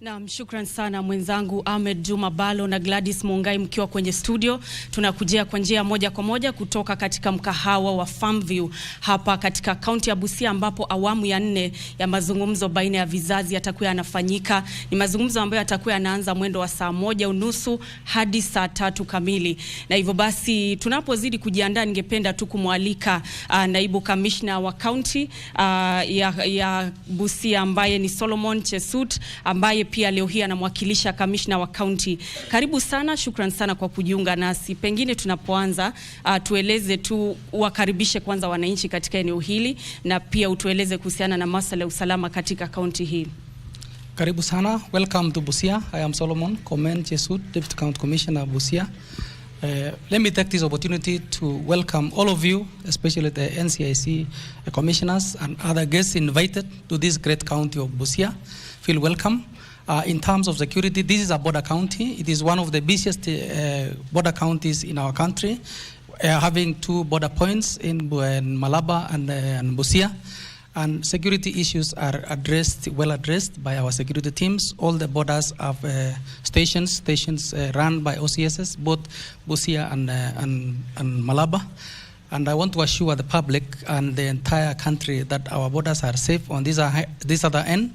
Nam, shukran sana mwenzangu Ahmed Juma Balo na Gladys Mungai mkiwa kwenye studio. Tunakujia kwa njia moja kwa moja kutoka katika mkahawa wa Farmview hapa katika kaunti ya Busia, ambapo awamu ya nne ya mazungumzo baina ya vizazi yatakuwa yanafanyika. Ni mazungumzo ambayo yatakuwa yanaanza mwendo wa saa moja unusu hadi saa tatu kamili, na hivyo basi tunapozidi kujiandaa, ningependa tu kumwalika uh, naibu kamishna wa kaunti uh, ya, ya Busia ambaye ni Solomon Chesut ambaye ambaye pia leo hii anamwakilisha kamishna wa kaunti. Karibu sana, shukran sana kwa kujiunga nasi. Pengine tunapoanza uh, tueleze tu, wakaribishe kwanza wananchi katika eneo hili na pia utueleze kuhusiana na masuala ya usalama katika kaunti hii. Karibu sana. Welcome to Busia. I am Solomon Komen Jesut, Deputy County Commissioner Busia. Uh, let me take this opportunity to welcome all of you, especially the NCIC uh, commissioners and other guests invited to this great county of Busia. Feel welcome. Uh, in terms of security, this is a border county. It is one of the busiest uh, border counties in our country, uh, having two border points in, in Malaba and, uh, and Busia. And security issues are addressed, well addressed by our security teams. All the borders have uh, stations, stations uh, run by OCSs, both Busia and, and, and Malaba. And I want to assure the public and the entire country that our borders are safe on this, are, this other end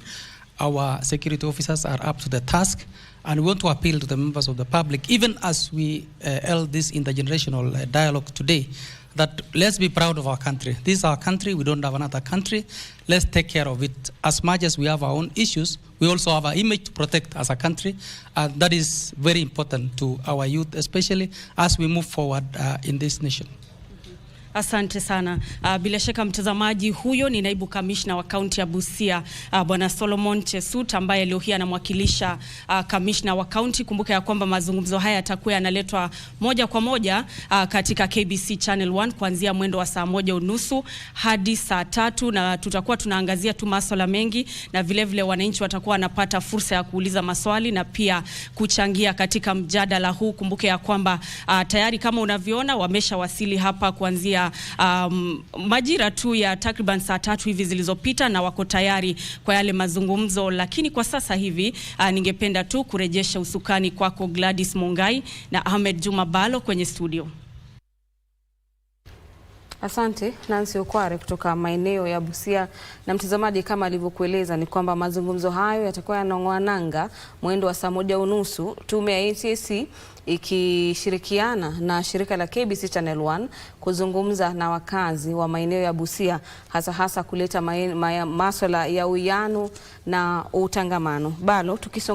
our security officers are up to the task, and we want to appeal to the members of the public, even as we uh, held this intergenerational uh, dialogue today, that let's be proud of our country. This is our country, we don't have another country. Let's take care of it. As much as we have our own issues, we also have our image to protect as a country, and that is very important to our youth, especially as we move forward uh, in this nation. Asante sana. Uh, bila shaka mtazamaji, huyo ni naibu kamishna wa kaunti ya Busia uh, bwana Solomon Chesut ambaye leo hii anamwakilisha uh, kamishna wa kaunti. Kumbuka ya kwamba mazungumzo haya yatakuwa yanaletwa moja kwa moja uh, katika KBC Channel 1 kuanzia mwendo wa saa moja unusu hadi saa tatu na tutakuwa tunaangazia tu masuala mengi, na vilevile wananchi watakuwa wanapata fursa ya kuuliza maswali na pia kuchangia katika mjadala huu. Kumbuka ya kwamba uh, tayari kama unavyoona wameshawasili hapa kuanzia ya um, majira tu ya takriban saa tatu hivi zilizopita, na wako tayari kwa yale mazungumzo, lakini kwa sasa hivi uh, ningependa tu kurejesha usukani kwako Gladys Mongai na Ahmed Juma Balo kwenye studio. Asante Nancy Okware kutoka maeneo ya Busia. Na mtazamaji, kama alivyokueleza ni kwamba mazungumzo hayo yatakuwa yanang'oa nanga mwendo wa saa moja unusu, tume ya ncac ikishirikiana na shirika la KBC Channel 1 kuzungumza na wakazi wa maeneo ya Busia, hasa hasa kuleta maswala ya uwiano na utangamano balo